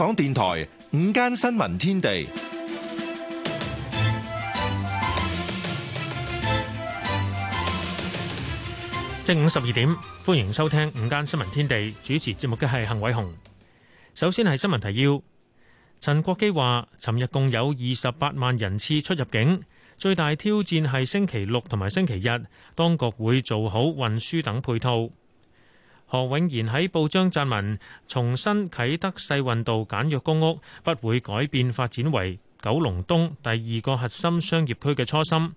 香港電台午間新聞天地，正午十二點，歡迎收聽午間新聞天地。主持節目嘅係幸偉雄。首先係新聞提要。陳國基話，尋日共有二十八萬人次出入境，最大挑戰係星期六同埋星期日。當局會做好運輸等配套。何永賢喺報章撰文，重申啟德世運道簡約公屋不會改變發展為九龍東第二個核心商業區嘅初心。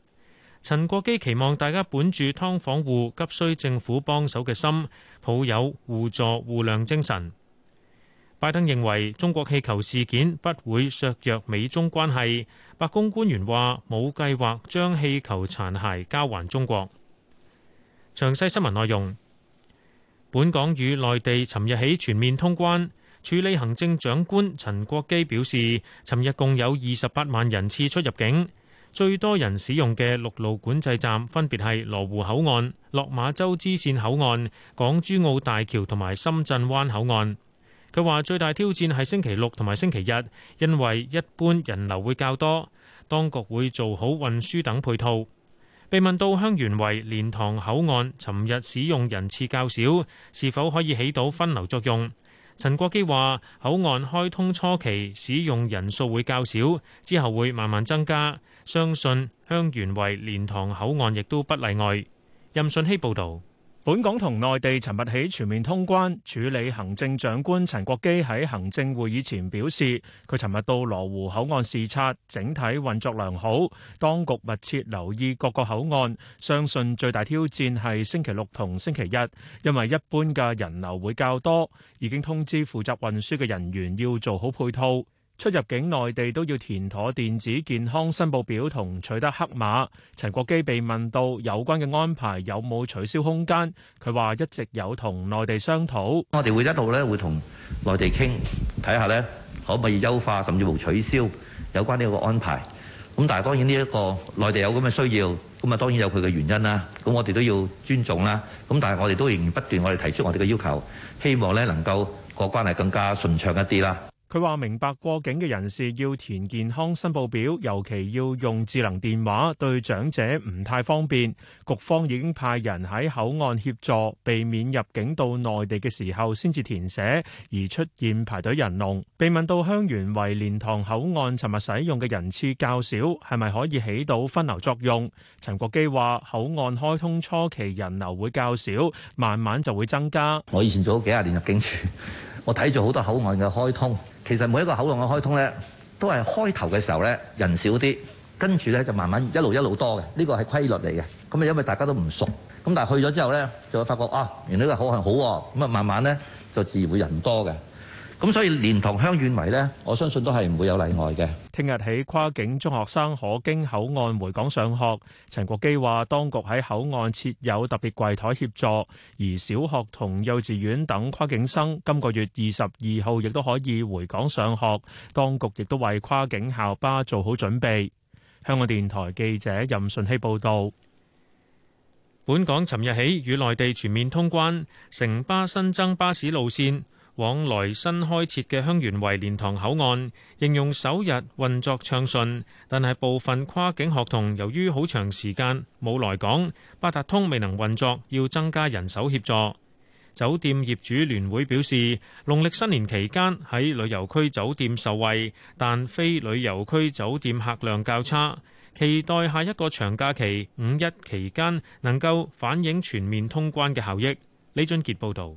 陳國基期望大家本住㓥房戶急需政府幫手嘅心，抱有互助互諒精神。拜登認為中國氣球事件不會削弱美中關係。白宮官員話冇計劃將氣球殘骸交還中國。詳細新聞內容。本港與內地尋日起全面通關，署理行政長官陳國基表示，尋日共有二十八萬人次出入境，最多人使用嘅陸路管制站分別係羅湖口岸、落馬洲支線口岸、港珠澳大橋同埋深圳灣口岸。佢話最大挑戰係星期六同埋星期日，因為一般人流會較多，當局會做好運輸等配套。被問到香園圍蓮塘口岸尋日使用人次較少，是否可以起到分流作用？陳國基話：口岸開通初期使用人數會較少，之後會慢慢增加，相信香園圍蓮塘口岸亦都不例外。任信希報導。本港同內地尋日起全面通關，署理行政長官陳國基喺行政會議前表示，佢尋日到羅湖口岸視察，整體運作良好，當局密切留意各個口岸，相信最大挑戰係星期六同星期日，因為一般嘅人流會較多，已經通知負責運輸嘅人員要做好配套。出入境內地都要佢話明白過境嘅人士要填健康申報表，尤其要用智能電話，對長者唔太方便。局方已經派人喺口岸協助，避免入境到內地嘅時候先至填寫，而出現排隊人龍。被問到香園圍蓮塘口岸尋日使用嘅人次較少，係咪可以起到分流作用？陳國基話：口岸開通初期人流會較少，慢慢就會增加。我以前做過幾十年入境處。我睇咗好多口岸嘅開通，其實每一個口岸嘅開通咧，都係開頭嘅時候咧人少啲，跟住咧就慢慢一路一路多嘅。呢個係規律嚟嘅。咁啊，因為大家都唔熟，咁但係去咗之後呢，就會發覺啊，原來呢個口岸好喎，啊，咁啊慢慢咧就自然會人多嘅。咁所以連同鄉縣迷呢，我相信都係唔會有例外嘅。聽日起，跨境中學生可經口岸回港上學，陳國基話當局喺口岸設有特別櫃台協助，而小學同幼稚園等跨境生今個月二十二號亦都可以回港上學，當局亦都為跨境校巴做好準備。香港電台記者任順希報道。本港尋日起與內地全面通關，城巴新增巴士路線。往來新開設嘅香園圍蓮塘口岸，形容首日運作暢順，但係部分跨境學童由於好長時間冇來港，八達通未能運作，要增加人手協助。酒店業主聯會表示，農曆新年期間喺旅遊區酒店受惠，但非旅遊區酒店客量較差，期待下一個長假期五一期間能夠反映全面通關嘅效益。李俊傑報導。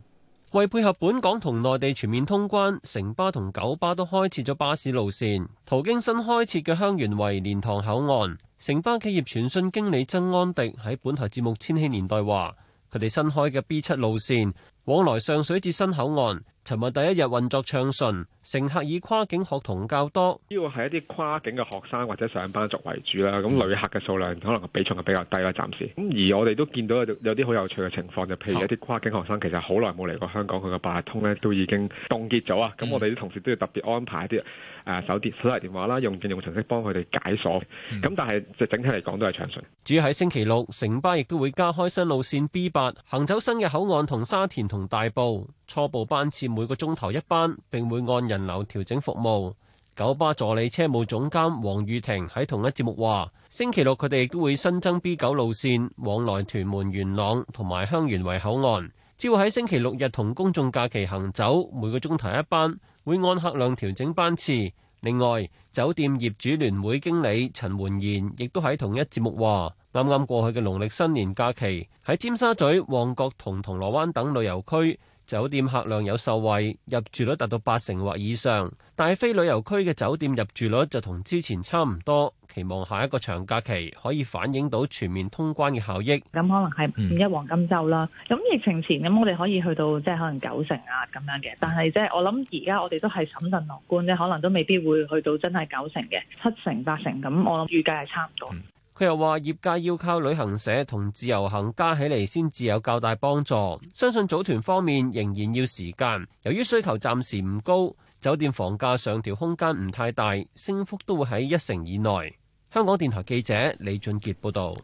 為配合本港同內地全面通關，城巴同九巴都開設咗巴士路線，途經新開設嘅香園圍蓮塘口岸。城巴企業傳訊經理曾安迪喺本台節目《千禧年代》話，佢哋新開嘅 B 七路線往來上水至新口岸。尋日第一日運作暢順，乘客以跨境學童較多，呢個係一啲跨境嘅學生或者上班族為主啦。咁、嗯、旅客嘅數量可能比重係比較低啦，暫時。咁而我哋都見到有有啲好有趣嘅情況，就譬如一啲跨境學生其實好耐冇嚟過香港，佢嘅八達通咧都已經凍結咗啊！咁、嗯、我哋啲同事都要特別安排一啲。誒、啊、手電手提電話啦，用應用程式幫佢哋解鎖。咁但係就整體嚟講都係暢順。嗯、主要喺星期六，城巴亦都會加開新路線 B 八，行走新嘅口岸同沙田同大埔，初步班次每個鐘頭一班，並會按人流調整服務。九巴助理車務總監黃玉婷喺同一節目話，星期六佢哋亦都會新增 B 九路線，往來屯門元朗同埋香園圍口岸，只會喺星期六日同公眾假期行走，每個鐘頭一班。會按客量調整班次。另外，酒店業主聯會經理陳煥然亦都喺同一節目話，啱啱 過去嘅農曆新年假期，喺尖沙咀、旺角同銅鑼灣等旅遊區。酒店客量有受惠，入住率達到八成或以上，但係非旅遊區嘅酒店入住率就同之前差唔多。期望下一個長假期可以反映到全面通關嘅效益。咁可能係五一黃金周啦。咁疫情前咁我哋可以去到即係可能九成啊，咁樣嘅，但係即係我諗而家我哋都係審慎樂觀咧，可能都未必會去到真係九成嘅七成八成咁。我諗預計係差唔多。佢又話：業界要靠旅行社同自由行加起嚟先至有較大幫助。相信組團方面仍然要時間。由於需求暫時唔高，酒店房價上調空間唔太大，升幅都會喺一成以內。香港電台記者李俊傑報道。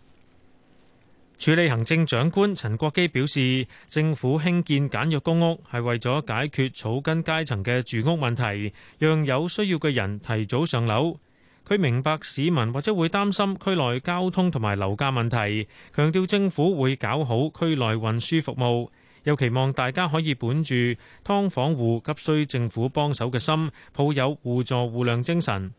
署理行政長官陳國基表示，政府興建簡約公屋係為咗解決草根階層嘅住屋問題，讓有需要嘅人提早上樓。佢明白市民或者會擔心區內交通同埋樓價問題，強調政府會搞好區內運輸服務，又期望大家可以本住劏房戶急需政府幫手嘅心，抱有互助互諒精神。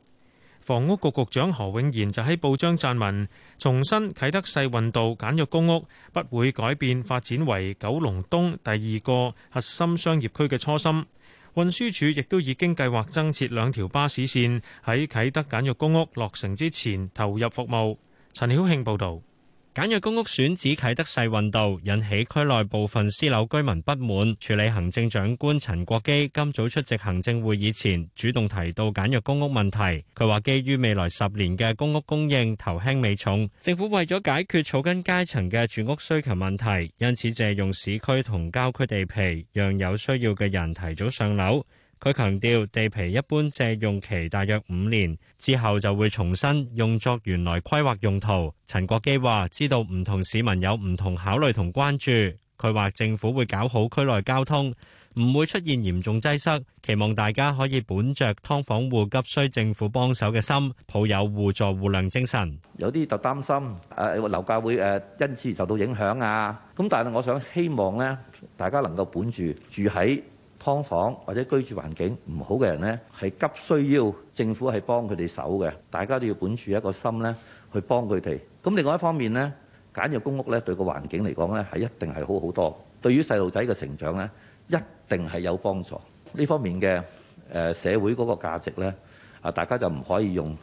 房屋局局長何永賢就喺報章撰文，重申啟德世運道簡約公屋不會改變發展為九龍東第二個核心商業區嘅初心。運輸署亦都已經計劃增設兩條巴士線，喺啟德簡約公屋落成之前投入服務。陳曉慶報導。簡約公屋選址啟德世運道，引起區內部分私樓居民不滿。處理行政長官陳國基今早出席行政會議前，主動提到簡約公屋問題。佢話：基於未來十年嘅公屋供應頭輕尾重，政府為咗解決草根階層嘅住屋需求問題，因此借用市區同郊區地皮，讓有需要嘅人提早上樓。佢強調，地皮一般借用期大約五年，之後就會重新用作原來規劃用途。陳國基話：知道唔同市民有唔同考慮同關注。佢話政府會搞好區內交通，唔會出現嚴重擠塞。期望大家可以本着劏房戶急需政府幫手嘅心，抱有互助互諒精神。有啲就擔心誒樓價會誒因此而受到影響啊。咁但係我想希望呢，大家能夠本住住喺劏房或者居住環境唔好嘅人呢，係急需要政府係幫佢哋手嘅，大家都要本住一個心呢，去幫佢哋。咁另外一方面呢，簡約公屋呢，對個環境嚟講呢，係一定係好好多，對於細路仔嘅成長呢，一定係有幫助。呢方面嘅誒、呃、社會嗰個價值呢，啊，大家就唔可以用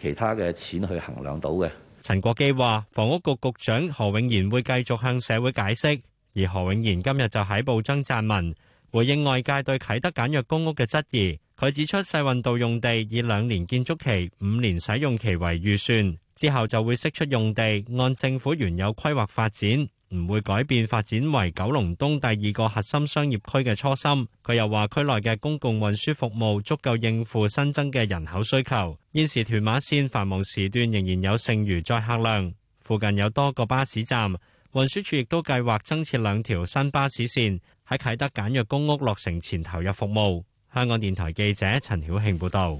其他嘅錢去衡量到嘅。陳國基話：房屋局局長何永賢會繼續向社會解釋，而何永賢今日就喺報章撰文。回應外界對啟德簡約公屋嘅質疑，佢指出世運道用地以兩年建築期、五年使用期為預算，之後就會釋出用地，按政府原有規劃發展，唔會改變發展為九龍東第二個核心商業區嘅初心。佢又話區內嘅公共運輸服務足夠應付新增嘅人口需求，現時屯馬綫繁忙時段仍然有剩餘載客量，附近有多個巴士站，運輸署亦都計劃增設兩條新巴士綫。喺啟德簡約公屋落成前投入服務。香港電台記者陳曉慶報道。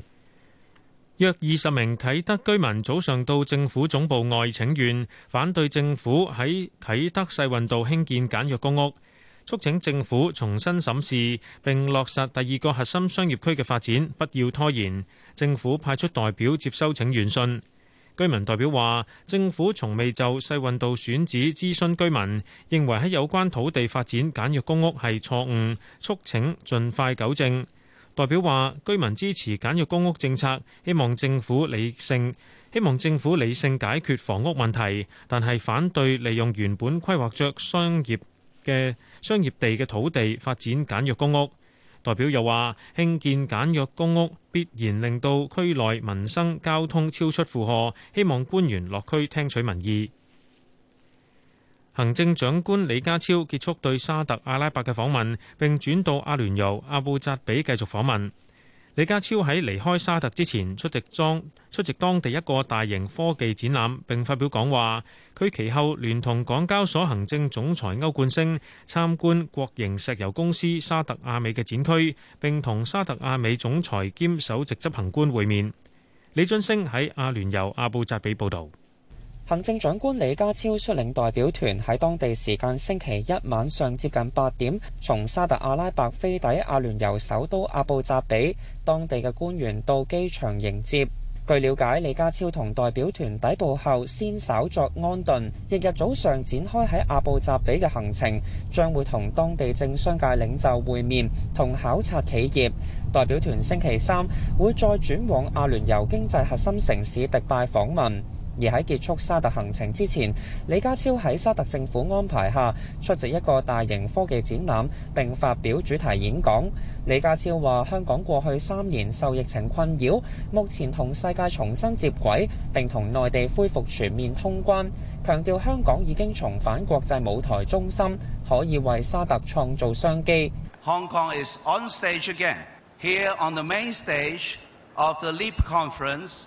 約二十名啟德居民早上到政府總部外請願，反對政府喺啟德世運道興建簡約公屋，促請政府重新審視並落實第二個核心商業區嘅發展，不要拖延。政府派出代表接收請願信。居民代表話：政府從未就世運道選址諮詢居民，認為喺有關土地發展簡約公屋係錯誤，促請盡快糾正。代表話：居民支持簡約公屋政策，希望政府理性，希望政府理性解決房屋問題，但係反對利用原本規劃着商業嘅商業地嘅土地發展簡約公屋。代表又話：興建簡約公屋，必然令到區內民生交通超出負荷，希望官員落區聽取民意。行政長官李家超結束對沙特阿拉伯嘅訪問，並轉到阿聯酋阿布扎比繼續訪問。李家超喺離開沙特之前，出席當出席當地一個大型科技展覽，並發表講話。佢其後聯同港交所行政總裁歐冠昇參觀國營石油公司沙特阿美嘅展區，並同沙特阿美總裁兼首席執行官會面。李俊升喺阿聯酋阿布扎比報導。行政長官李家超率領代表團喺當地時間星期一晚上，上接近八點，從沙特阿拉伯飛抵阿聯酋首都阿布扎比，當地嘅官員到機場迎接。據了解，李家超同代表團抵埗後先稍作安頓，翌日早上展開喺阿布扎比嘅行程，將會同當地政商界領袖會面同考察企業。代表團星期三會再轉往阿聯酋經濟核心城市迪拜訪問。而喺結束沙特行程之前，李家超喺沙特政府安排下出席一個大型科技展覽並發表主題演講。李家超話：香港過去三年受疫情困擾，目前同世界重新接軌，並同內地恢復全面通關。強調香港已經重返國際舞台中心，可以為沙特創造商機。Hong Kong is on stage again here on the main stage of the Leap Conference.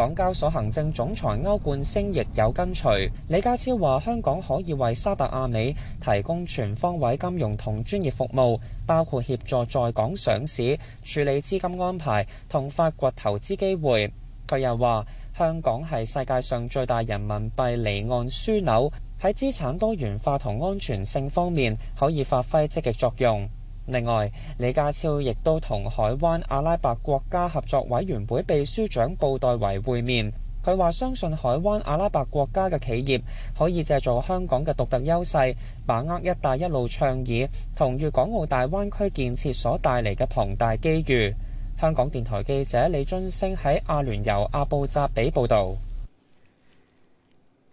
港交所行政總裁歐冠星亦有跟隨李家超話，香港可以為沙特阿美提供全方位金融同專業服務，包括協助在港上市、處理資金安排同發掘投資機會。佢又話，香港係世界上最大人民幣離岸樞紐，喺資產多元化同安全性方面可以發揮積極作用。另外，李家超亦都同海灣阿拉伯國家合作委員會秘書長布代維會面。佢話相信海灣阿拉伯國家嘅企業可以借助香港嘅獨特優勢，把握“一帶一路”倡議同粵港澳大灣區建設所帶嚟嘅龐大機遇。香港電台記者李津星喺阿聯酋阿布扎比報道。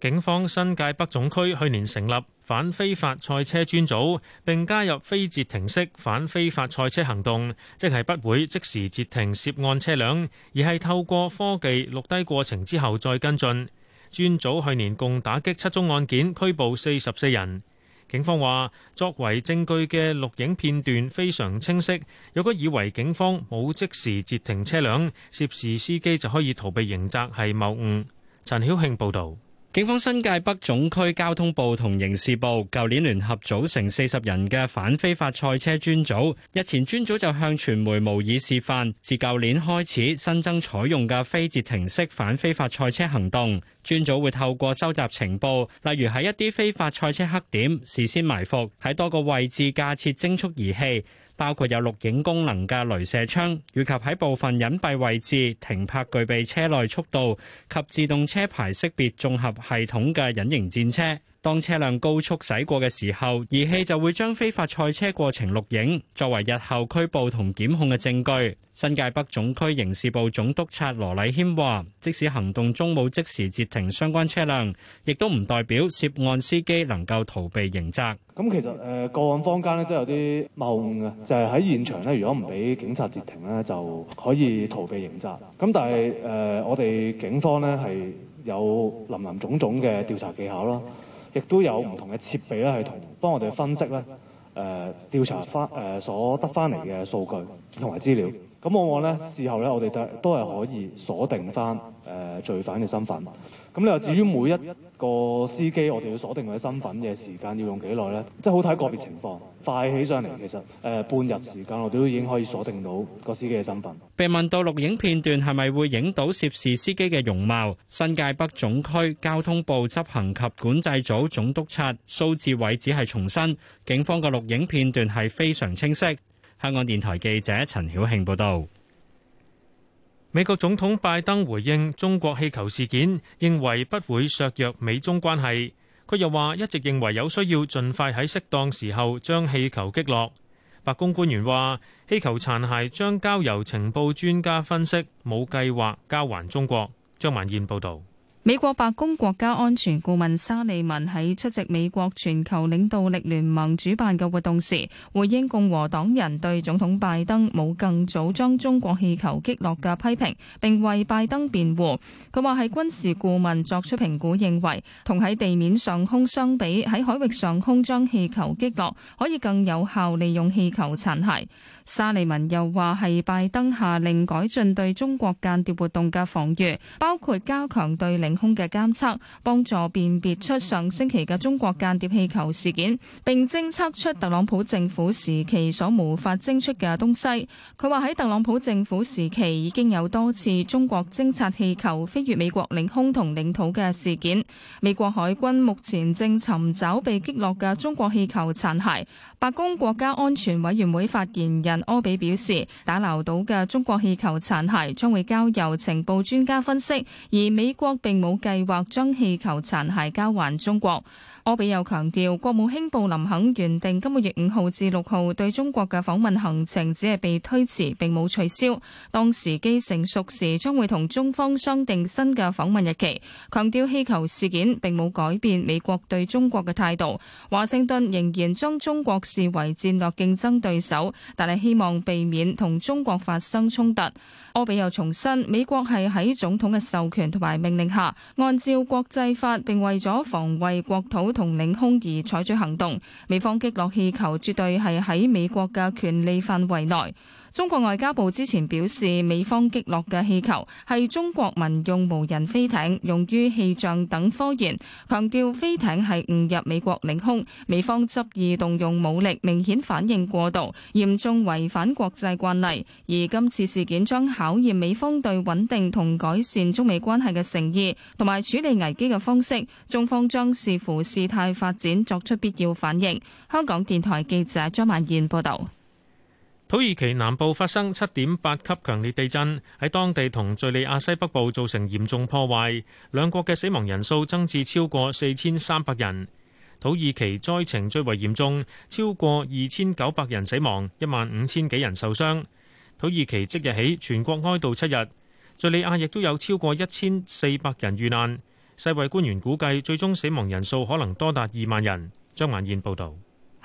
警方新界北總區去年成立。反非法賽車專組並加入非截停式反非法賽車行動，即係不會即時截停涉案車輛，而係透過科技錄低過程之後再跟進。專組去年共打擊七宗案件，拘捕四十四人。警方話，作為證據嘅錄影片段非常清晰，如果以為警方冇即時截停車輛，涉事司機就可以逃避刑責係謬誤。陳曉慶報導。警方新界北總區交通部同刑事部舊年聯合組成四十人嘅反非法賽車專組，日前專組就向傳媒模擬示範自舊年開始新增採用嘅非截停式反非法賽車行動。專組會透過收集情報，例如喺一啲非法賽車黑點事先埋伏，喺多個位置架設偵速儀器。包括有錄影功能嘅鐳射槍，以及喺部分隱蔽位置停泊、具備車內速度及自動車牌識別綜合系統嘅隱形戰車。當車輛高速駛過嘅時候，儀器就會將非法賽車過程錄影作為日後，拘捕同檢控嘅證據。亦都有唔同嘅設備咧，係同幫我哋分析咧，誒、呃、調查翻誒、呃、所得翻嚟嘅數據同埋資料。咁往往咧，事後咧，我哋都都係可以鎖定翻誒、呃、罪犯嘅身份。咁你又至於每一個司機，我哋要鎖定佢身份嘅時間要用幾耐咧？即係好睇個別情況。快起上嚟，其實誒半日時間，我都已經可以鎖定到個司機嘅身份。被問到錄影片段係咪會影到涉事司機嘅容貌，新界北總區交通部執行及管制組總督察蘇志偉只係重申，警方嘅錄影片段係非常清晰。香港電台記者陳曉慶報道。美國總統拜登回應中國氣球事件，認為不會削弱美中關係。佢又話：一直認為有需要，盡快喺適當時候將氣球擊落。白宮官員話：氣球殘骸將交由情報專家分析，冇計劃交還中國。張萬燕報導。美國白宮國家安全顧問沙利文喺出席美國全球領導力聯盟主辦嘅活動時，回應共和黨人對總統拜登冇更早將中國氣球擊落嘅批評，並為拜登辯護。佢話係軍事顧問作出評估，認為，同喺地面上空相比，喺海域上空將氣球擊落可以更有效利用氣球殘骸。沙利文又話：係拜登下令改進對中國間諜活動嘅防禦，包括加強對領空嘅監測，幫助辨別出上星期嘅中國間諜氣球事件，並偵測出特朗普政府時期所無法偵出嘅東西。佢話喺特朗普政府時期已經有多次中國偵察氣球飛越美國領空同領土嘅事件。美國海軍目前正尋找被擊落嘅中國氣球殘骸。白宮國家安全委員會發言人柯比表示，打撈到嘅中國氣球殘骸將會交由情報專家分析，而美國並冇計劃將氣球殘骸交還中國。柯比又強調，國務卿布林肯原定今個月五號至六號對中國嘅訪問行程只係被推遲，並冇取消。當時機成熟時，將會同中方商定新嘅訪問日期。強調氣球事件並冇改變美國對中國嘅態度。華盛頓仍然將中國視為戰略競爭對手，但係希望避免同中國發生衝突。柯比又重申，美國係喺總統嘅授權同埋命令下，按照國際法並為咗防衛國土同領空而採取行動，美方擊落氣球絕對係喺美國嘅權力範圍內。中國外交部之前表示，美方擊落嘅氣球係中國民用無人飛艇，用於氣象等科研，強調飛艇係誤入美國領空，美方執意動用武力，明顯反應過度，嚴重違反國際慣例。而今次事件將考驗美方對穩定同改善中美關係嘅誠意，同埋處理危機嘅方式。中方將視乎事態發展作出必要反應。香港電台記者張曼燕報導。土耳其南部發生七點八級強烈地震，喺當地同敘利亞西北部造成嚴重破壞，兩國嘅死亡人數增至超過四千三百人。土耳其災情最為嚴重，超過二千九百人死亡，一萬五千幾人受傷。土耳其即日起全國哀悼七日。敘利亞亦都有超過一千四百人遇難，世衛官員估計最終死亡人數可能多達二萬人。張顏燕報導。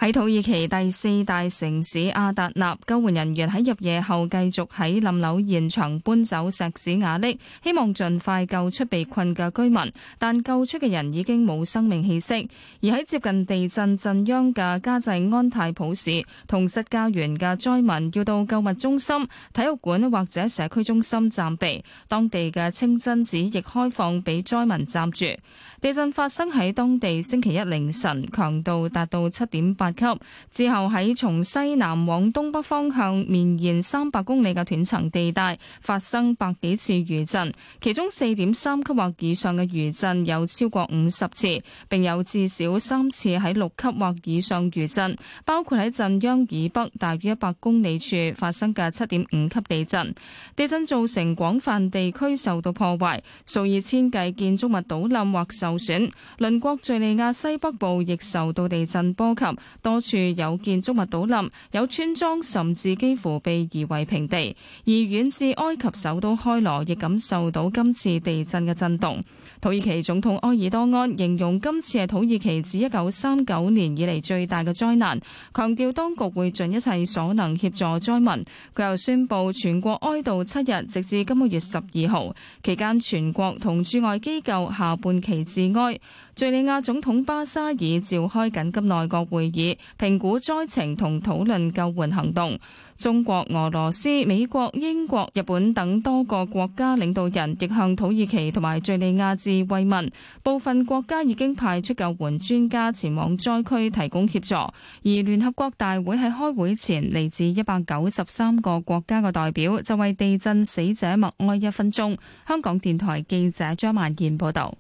喺土耳其第四大城市阿達納，救援人員喺入夜後繼續喺冧樓現場搬走石屎瓦礫，希望盡快救出被困嘅居民。但救出嘅人已經冇生命氣息。而喺接近地震震央嘅加濟安泰普市同塞家源嘅災民，要到購物中心、體育館或者社區中心暫避。當地嘅清真寺亦開放俾災民暫住。地震發生喺當地星期一凌晨，強度達到七點八。級之後，喺從西南往東北方向綿延三百公里嘅斷層地帶發生百幾次餘震，其中四點三級或以上嘅餘震有超過五十次，並有至少三次喺六級或以上餘震，包括喺震央以北大約一百公里處發生嘅七點五級地震。地震造成廣泛地區受到破壞，數以千計建築物倒冧或受損。鄰國敘利亞西北部亦受到地震波及。多處有建築物倒冧，有村莊甚至幾乎被夷為平地。而遠至埃及首都開羅亦感受到今次地震嘅震動。土耳其總統埃爾多安形容今次係土耳其自一九三九年以嚟最大嘅災難，強調當局會盡一切所能協助災民。佢又宣布全國哀悼七日，直至今個月十二號期間，全國同駐外機構下半旗致哀。敘利亞總統巴沙爾召開緊急內閣會議，評估災情同討論救援行動。中國、俄羅斯、美國、英國、日本等多個國家領導人亦向土耳其同埋敘利亞致慰問。部分國家已經派出救援專家前往災區提供協助。而聯合國大會喺開會前，嚟自一百九十三個國家嘅代表就為地震死者默哀一分鐘。香港電台記者張曼燕報道。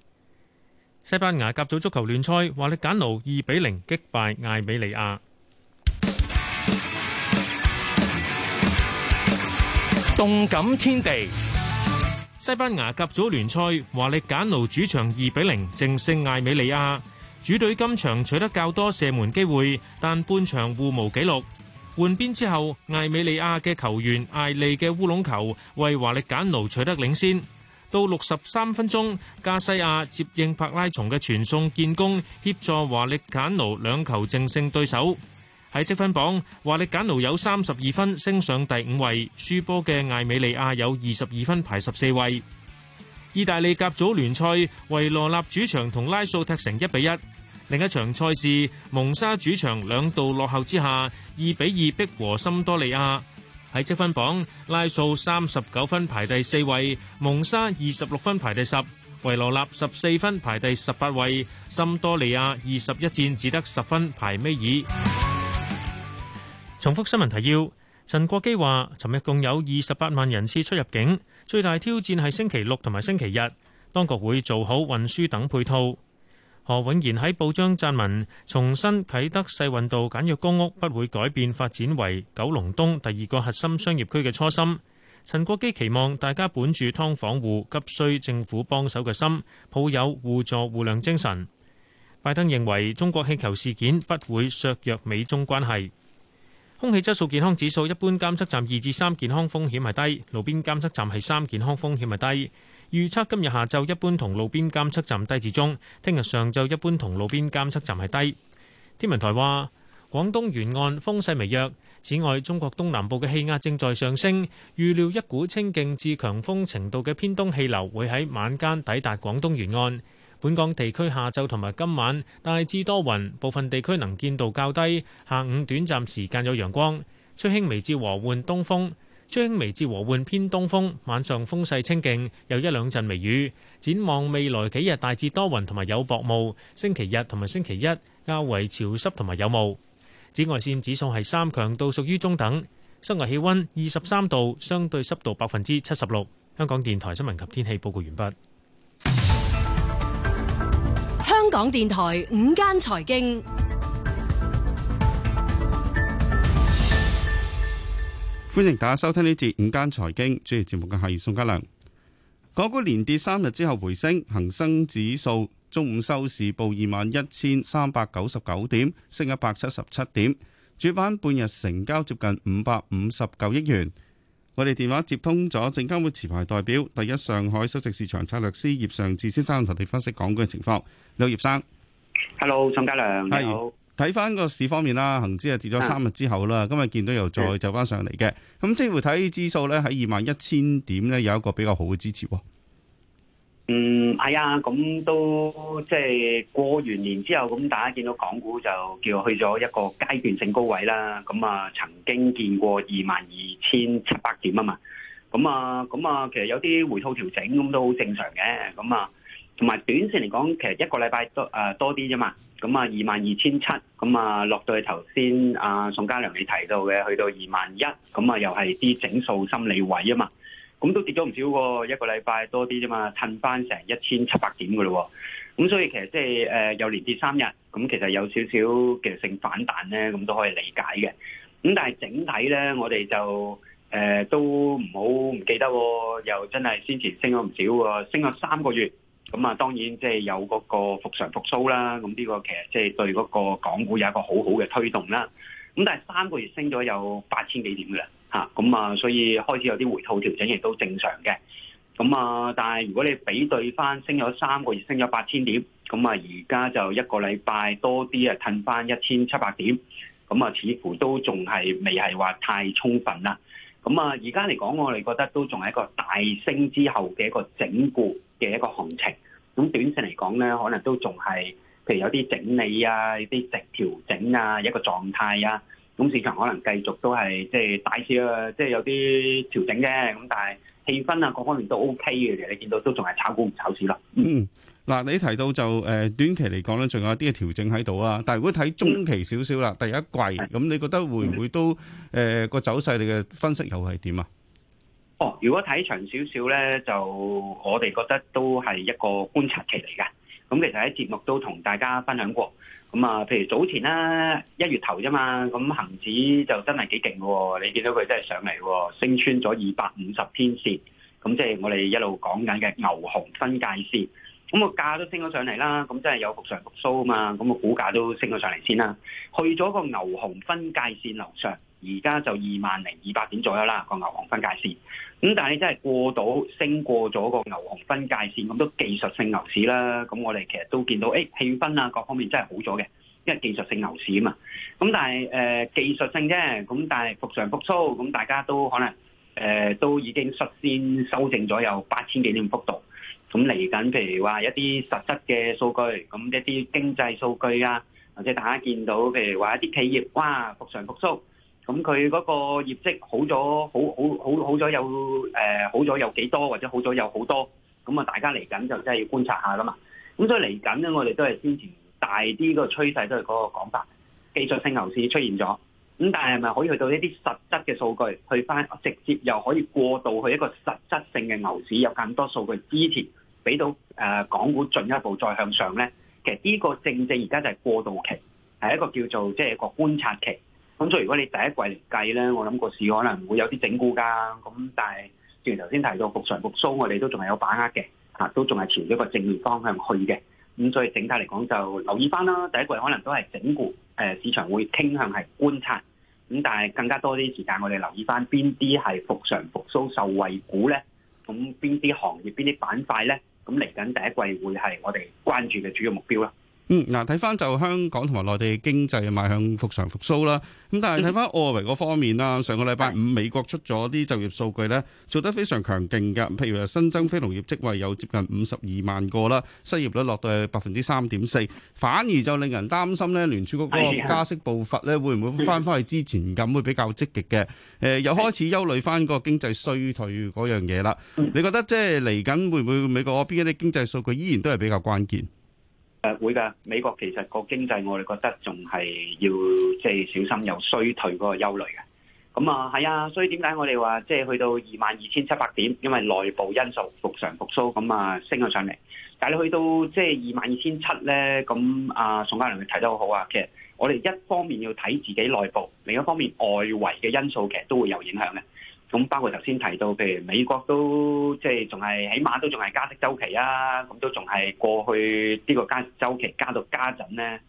西班牙甲組足球聯賽，華力簡奴二比零擊敗艾美利亞。動感天地，西班牙甲組聯賽，華力簡奴主場二比零正勝艾美利亞。主隊今場取得較多射門機會，但半場互無紀錄。換邊之後，艾美利亞嘅球員艾利嘅烏龍球為華力簡奴取得領先。到六十三分鐘，加西亞接應柏拉松嘅傳送建功，協助華力簡奴兩球淨勝對手。喺積分榜，華力簡奴有三十二分，升上第五位；輸波嘅艾美利亞有二十二分，排十四位。意大利甲組聯賽，維羅納主場同拉素踢成一比一。另一場賽事，蒙沙主場兩度落後之下，二比二逼和森多利亞。喺積分榜，拉素三十九分排第四位，蒙沙二十六分排第十，維羅納十四分排第十八位，森多利亞二十一戰只得十分，排尾二。重複新聞提要，陳國基話，尋日共有二十八萬人次出入境，最大挑戰係星期六同埋星期日，當局會做好運輸等配套。何永賢喺報章撰文，重申啟德世運道簡約公屋不會改變發展為九龍東第二個核心商業區嘅初心。陳國基期望大家本住劏房戶急需政府幫手嘅心，抱有互助互諒精神。拜登認為中國氣球事件不會削弱美中關係。空氣質素健康指數一般監測站二至三，健康風險係低，路邊監測站係三，健康風險係低。預測今日下晝一般同路邊監測站低至中，聽日上晝一般同路邊監測站係低。天文台話，廣東沿岸風勢微弱。此外，中國東南部嘅氣壓正在上升，預料一股清勁至強風程度嘅偏東氣流會喺晚間抵達廣東沿岸。本港地區下晝同埋今晚大致多雲，部分地區能見度較低。下午短暫時間有陽光，吹輕微至和緩東風。吹微至和緩偏東風，晚上風勢清勁，有一兩陣微雨。展望未來幾日大致多雲同埋有薄霧，星期日同埋星期一較為潮濕同埋有霧。紫外線指數係三，強度屬於中等。室外氣溫二十三度，相對濕度百分之七十六。香港電台新聞及天氣報告完畢。香港電台午間財經。歡迎大家收聽呢節午間財經，主持節目嘅係宋家良。港股連跌三日之後回升，恒生指數中午收市報二萬一千三百九十九點，升一百七十七點，主板半日成交接近五百五十九億元。我哋電話接通咗證監會持牌代表、第一上海 s 席市場策略師葉尚志先生同你分析港股嘅情況。你好，葉生。Hello，宋家良，睇翻個市方面啦，恒指啊跌咗三日之後啦，嗯、今日見到又再走翻上嚟嘅，咁即係回睇啲指數咧喺二萬一千點咧有一個比較好嘅支持喎。嗯，係啊，咁都即係過完年之後，咁大家見到港股就叫去咗一個階段性高位啦。咁啊，曾經見過二萬二千七百點啊嘛。咁啊，咁啊，其實有啲回吐調整咁都好正常嘅。咁啊。同埋短線嚟講，其實一個禮拜多誒、呃、多啲啫嘛，咁啊二萬二千七，咁啊落到去頭先阿宋嘉良你提到嘅，去到二萬一，咁啊又係啲整數心理位啊嘛，咁都跌咗唔少個、哦，一個禮拜多啲啫嘛，褪翻成一千七百點噶咯、哦，咁所以其實即係誒又連跌三日，咁其實有少少技術性反彈咧，咁都可以理解嘅。咁但係整體咧，我哋就誒、呃、都唔好唔記得、哦，又真係先前升咗唔少、哦，升咗三個月。咁啊，當然即係有嗰個復常復甦啦。咁呢個其實即係對嗰個港股有一個好好嘅推動啦。咁但係三個月升咗有八千幾點嘅啦，嚇咁啊，所以開始有啲回吐調整亦都正常嘅。咁啊，但係如果你比對翻升咗三個月升咗八千點，咁啊而家就一個禮拜多啲啊，褪翻一千七百點，咁啊似乎都仲係未係話太充分啦。咁啊，而家嚟講，我哋覺得都仲係一個大升之後嘅一個整固嘅一個行情，咁短線嚟講咧，可能都仲係，譬如有啲整理啊，一啲直調整啊，一個狀態啊，咁市場可能繼續都係即係大市啊，即係有啲調整嘅，咁但係氣氛啊，各方面都 OK 嘅，其實你見到都仲係炒股唔炒市咯。嗯，嗱，你提到就誒短期嚟講咧，仲有啲嘅調整喺度啊，但係如果睇中期少少啦，第一季，咁你覺得會唔會都誒個走勢你嘅分析又係點啊？哦，如果睇長少少咧，就我哋覺得都係一個觀察期嚟嘅。咁其實喺節目都同大家分享過。咁啊，譬如早前啦、啊，一月頭啫嘛，咁恒指就真係幾勁喎。你見到佢真係上嚟，升穿咗二百五十天線。咁即係我哋一路講緊嘅牛熊分界線。咁、那個價都升咗上嚟啦。咁真係有復常復蘇啊嘛。咁、那個股價都升咗上嚟先啦。去咗個牛熊分界線樓上。而家就二萬零二百點左右啦，個牛熊分界線。咁但係你真係過到升過咗個牛熊分界線，咁都技術性牛市啦。咁我哋其實都見到，誒、欸、氣氛啊各方面真係好咗嘅，因為技術性牛市啊嘛。咁但係誒、呃、技術性啫，咁但係復常復蘇，咁大家都可能誒、呃、都已經率先修正咗有八千幾點幅度。咁嚟緊，譬如話一啲實質嘅數據，咁一啲經濟數據啊，或者大家見到，譬如話一啲企業哇復常復蘇。咁佢嗰個業績好咗，好好好好咗有誒、呃、好咗有幾多或者好咗有好多，咁、嗯、啊大家嚟緊就真係要觀察下啦嘛。咁、嗯、所以嚟緊咧，我哋都係先前大啲個趨勢都係嗰個講法，技術性牛市出現咗。咁、嗯、但係係咪可以去到一啲實質嘅數據去翻直接又可以過渡去一個實質性嘅牛市，有更多數據支持，俾到誒、呃、港股進一步再向上咧？其實呢個正正而家就係過渡期，係一個叫做即係、就是、一個觀察期。咁所以如果你第一季嚟計咧，我諗個市可能會有啲整固㗎，咁但係正如頭先提到復常復甦，我哋都仲係有把握嘅，吓都仲係朝一個正面方向去嘅。咁所以整體嚟講就留意返啦，第一季可能都係整固，誒市場會傾向係觀察。咁但係更加多啲時間，我哋留意返邊啲係復常復甦受惠股咧，咁邊啲行業、邊啲板塊咧，咁嚟緊第一季會係我哋關注嘅主要目標啦。嗯，嗱，睇翻就香港同埋內地經濟邁向復常復甦啦。咁但係睇翻外圍嗰方面啦，上個禮拜五美國出咗啲就業數據咧，做得非常強勁嘅。譬如新增非農業職位有接近五十二萬個啦，失業率落到係百分之三點四，反而就令人擔心咧，聯儲嗰個加息步伐咧，會唔會翻返去之前咁，會比較積極嘅？誒、呃，又開始憂慮翻個經濟衰退嗰樣嘢啦。你覺得即係嚟緊會唔會美國邊一啲經濟數據依然都係比較關鍵？誒，會噶，美國其實個經濟我哋覺得仲係要即係小心有衰退嗰個憂慮嘅。咁啊，係啊，所以點解我哋話即係去到二萬二千七百點，因為內部因素復常復甦，咁啊升咗上嚟。但係你去到即係二萬二千七咧，咁啊，宋嘉良你睇得好好啊。其實我哋一方面要睇自己內部，另一方面外圍嘅因素其實都會有影響嘅。咁包括頭先提到，譬如美國都即係仲係，起碼都仲係加息週期啊！咁都仲係過去呢個加息週期加到加緊咧，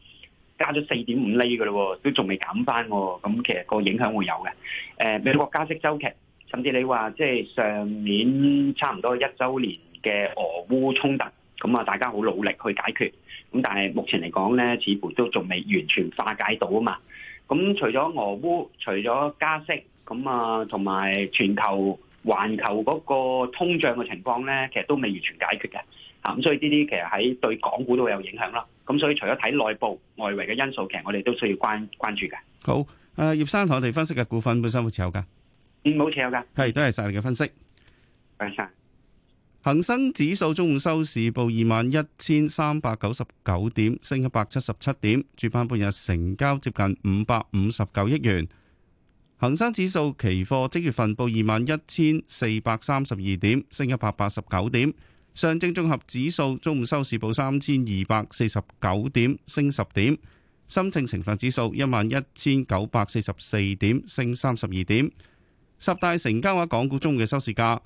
加咗四點五厘㗎咯喎，都仲未減翻喎！咁其實個影響會有嘅。誒，美國加息週期，甚至你話即係上年差唔多一週年嘅俄烏衝突，咁啊大家好努力去解決，咁但係目前嚟講咧，似乎都仲未完全化解到啊嘛！咁除咗俄烏，除咗加息。咁啊，同埋全球環球嗰個通脹嘅情況咧，其實都未完全解決嘅吓，咁所以呢啲其實喺對港股都會有影響啦。咁所以除咗睇內部外圍嘅因素，其實我哋都需要關關注嘅。好，誒，葉生同我哋分析嘅股份本身有冇持有噶？好、嗯、冇持有噶，係，多謝晒你嘅分析。唔該晒。恒生指數中午收市報二萬一千三百九十九點，升一百七十七點，主板半日成交接近五百五十九億元。恒生指數期貨即月份報二萬一千四百三十二點，升一百八十九點。上證綜合指數中午收市報三千二百四十九點，升十點。深證成分指數一萬一千九百四十四點，升三十二點。十大成交額港股中嘅收市價：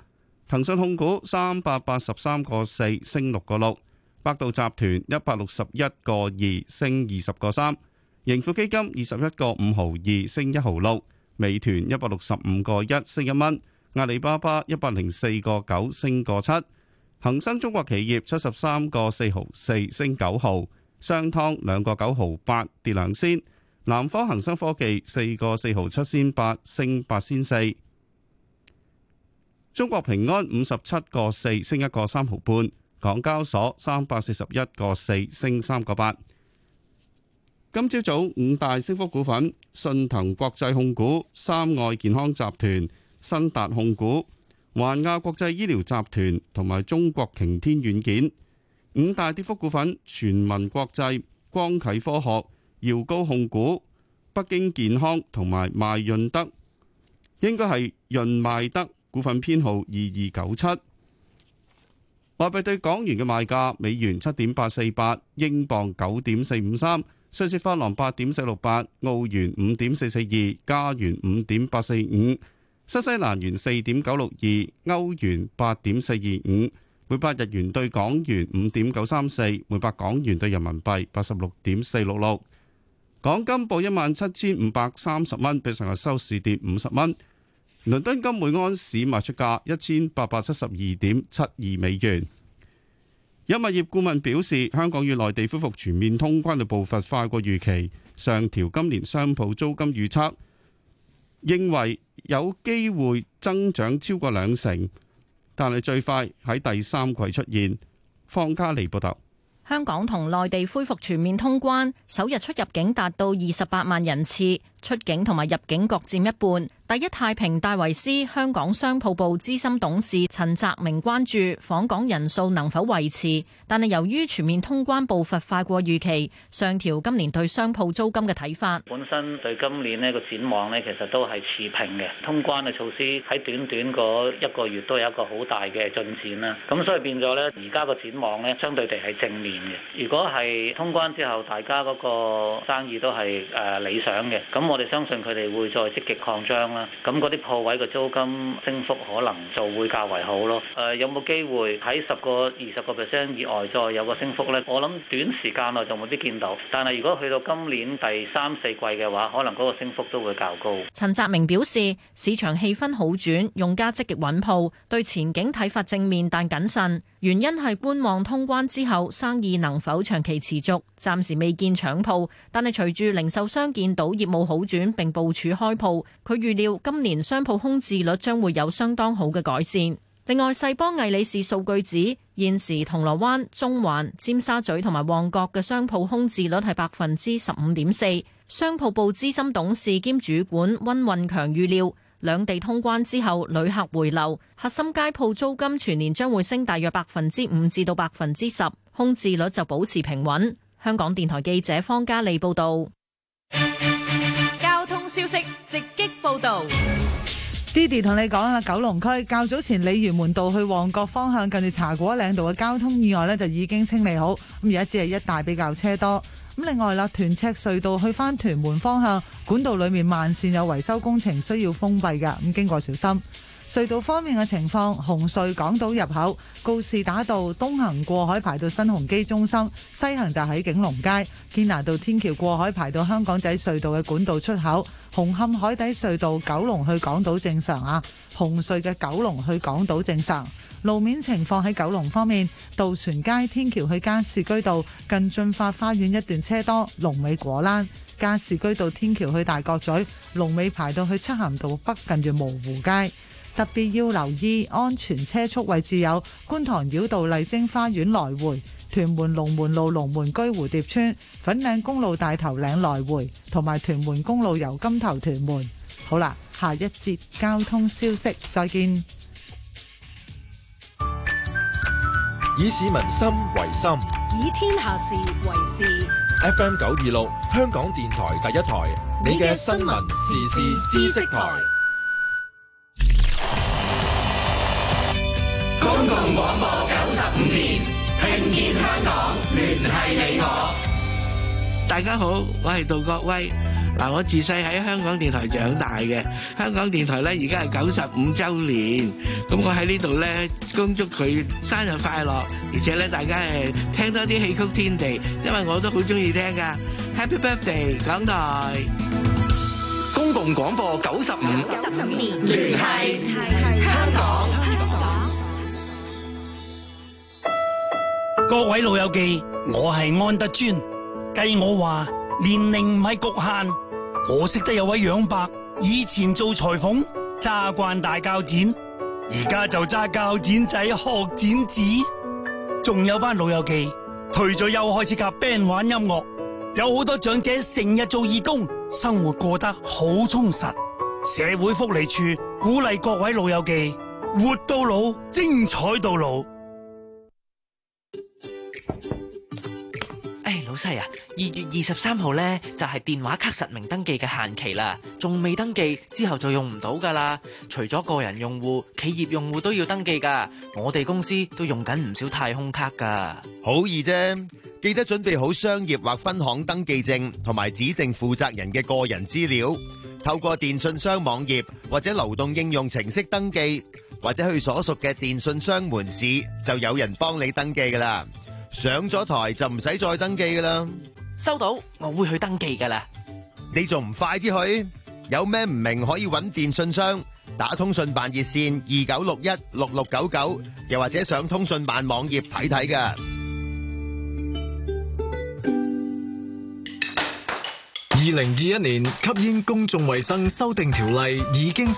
騰訊控股三百八十三個四，升六個六；百度集團一百六十一個二，升二十個三；盈富基金二十一個五毫二，升一毫六。美團一百六十五個一升一蚊，阿里巴巴一百零四個九升個七，恒生中國企業七十三個四毫四升九毫，商湯兩個九毫八跌兩仙，南方恒生科技四個四毫七仙八升八仙四，中國平安五十七個四升一個三毫半，港交所三百四十一個四升三個八。今朝早，早五大升幅股份：信騰國際控股、三愛健康集團、新達控股、環亞國際醫療集團同埋中國擎天軟件。五大跌幅股份：全民國際、光啟科學、耀高控股、北京健康同埋邁潤德。應該係潤邁德股份編號二二九七。外幣對港元嘅賣價：美元七點八四八，英鎊九點四五三。瑞士法郎八點四六八，8. 8，澳元五點四四二，加元五點八四五，新西蘭元四點九六二，歐元八點四二五，每百日元兌港元五點九三四，每百港元兌人民幣八十六點四六六。港金報一萬七千五百三十蚊，比上日收市跌五十蚊。倫敦金每安士賣出價一千八百七十二點七二美元。有物業顧問表示，香港與內地恢復全面通關嘅步伐快過預期，上調今年商鋪租金預測，認為有機會增長超過兩成，但係最快喺第三季出現。方嘉利報道，香港同內地恢復全面通關首日出入境達到二十八萬人次，出境同埋入境各佔一半。第一太平戴維斯香港商鋪部資深董事陳澤明，關注訪港人數能否維持，但係由於全面通關步伐快過預期，上調今年對商鋪租金嘅睇法。本身對今年呢個展望咧，其實都係持平嘅。通關嘅措施喺短短嗰一個月都有一個好大嘅進展啦。咁所以變咗咧，而家個展望咧，相對地係正面嘅。如果係通關之後，大家嗰個生意都係誒理想嘅，咁我哋相信佢哋會再積極擴張。咁嗰啲鋪位嘅租金升幅可能就會較為好咯。誒，有冇機會喺十個二十個 percent 以外再有個升幅咧？我諗短時間內就冇啲見到，但係如果去到今年第三、四季嘅話，可能嗰個升幅都會較高。陳澤明表示，市場氣氛好轉，用家積極搵鋪，對前景睇法正面，但謹慎。原因係觀望通關之後生意能否長期持續，暫時未見搶鋪。但係隨住零售商見到業務好轉並部署開鋪，佢預料今年商鋪空置率將會有相當好嘅改善。另外，世邦魏理仕數據指現時銅鑼灣、中環、尖沙咀同埋旺角嘅商鋪空置率係百分之十五點四。商鋪部資深董事兼主管溫運強預料。兩地通關之後，旅客回流，核心街鋪租金全年將會升大約百分之五至到百分之十，空置率就保持平穩。香港電台記者方嘉利報道。交通消息直擊報道。爹哋同你講啊，九龍區較早前鯉魚門道去旺角方向，近住茶果嶺道嘅交通意外呢，就已經清理好，咁而家只係一帶比較車多。咁另外啦，屯赤隧道去返屯門方向，管道裏面慢線有維修工程需要封閉噶，咁經過小心。隧道方面嘅情況，紅隧港島入口告士打道東行過海排到新鴻基中心，西行就喺景隆街堅拿道天橋過海排到香港仔隧道嘅管道出口，紅磡海底隧道九龍去港島正常啊，紅隧嘅九龍去港島正常。路面情況喺九龍方面，渡船街天橋去加士居道近駿發花園一段車多，龍尾果欄；加士居道天橋去大角咀龍尾排到去漆咸道北近住蕪湖街。特別要留意安全車速位置有觀塘繞道麗晶花園來回、屯門龍門路龍門居蝴蝶村、粉嶺公路大頭嶺來回同埋屯門公路由金頭屯門。好啦，下一節交通消息再見。以市民心為心，以天下事為事。FM 926，香港電台第一台，你嘅新聞、時事、知識台。嗱，我自細喺香港電台長大嘅。香港電台咧而家係九十五周年，咁我喺呢度咧恭祝佢生日快樂，而且咧大家係聽多啲戲曲天地，因為我都好中意聽噶。Happy birthday，港台公共廣播九十五年，聯繫香港香港。各位老友記，我係安德尊，計我話年齡唔係局限。我識得有位楊伯，以前做裁縫，揸慣大鉸剪，而家就揸鉸剪仔學剪紙。仲有班老友記退咗休開始夾 band 玩音樂，有好多長者成日做義工，生活過得好充實。社會福利處鼓勵各位老友記，活到老，精彩到老。細啊！二月二十三號咧就係電話卡實名登記嘅限期啦，仲未登記之後就用唔到噶啦。除咗個人用戶，企業用戶都要登記噶。我哋公司都用緊唔少太空卡噶。好易啫，記得準備好商業或分行登記證同埋指定負責人嘅個人資料，透過電信商網頁或者流動應用程式登記，或者去所屬嘅電信商門市，就有人幫你登記噶啦。上咗台就唔使再登記噶啦，收到，我會去登記噶啦。你仲唔快啲去？有咩唔明可以搵電信商打通訊辦熱線二九六一六六九九，又或者上通訊辦網頁睇睇噶。二零二一年吸煙公眾衛生修訂條例已經。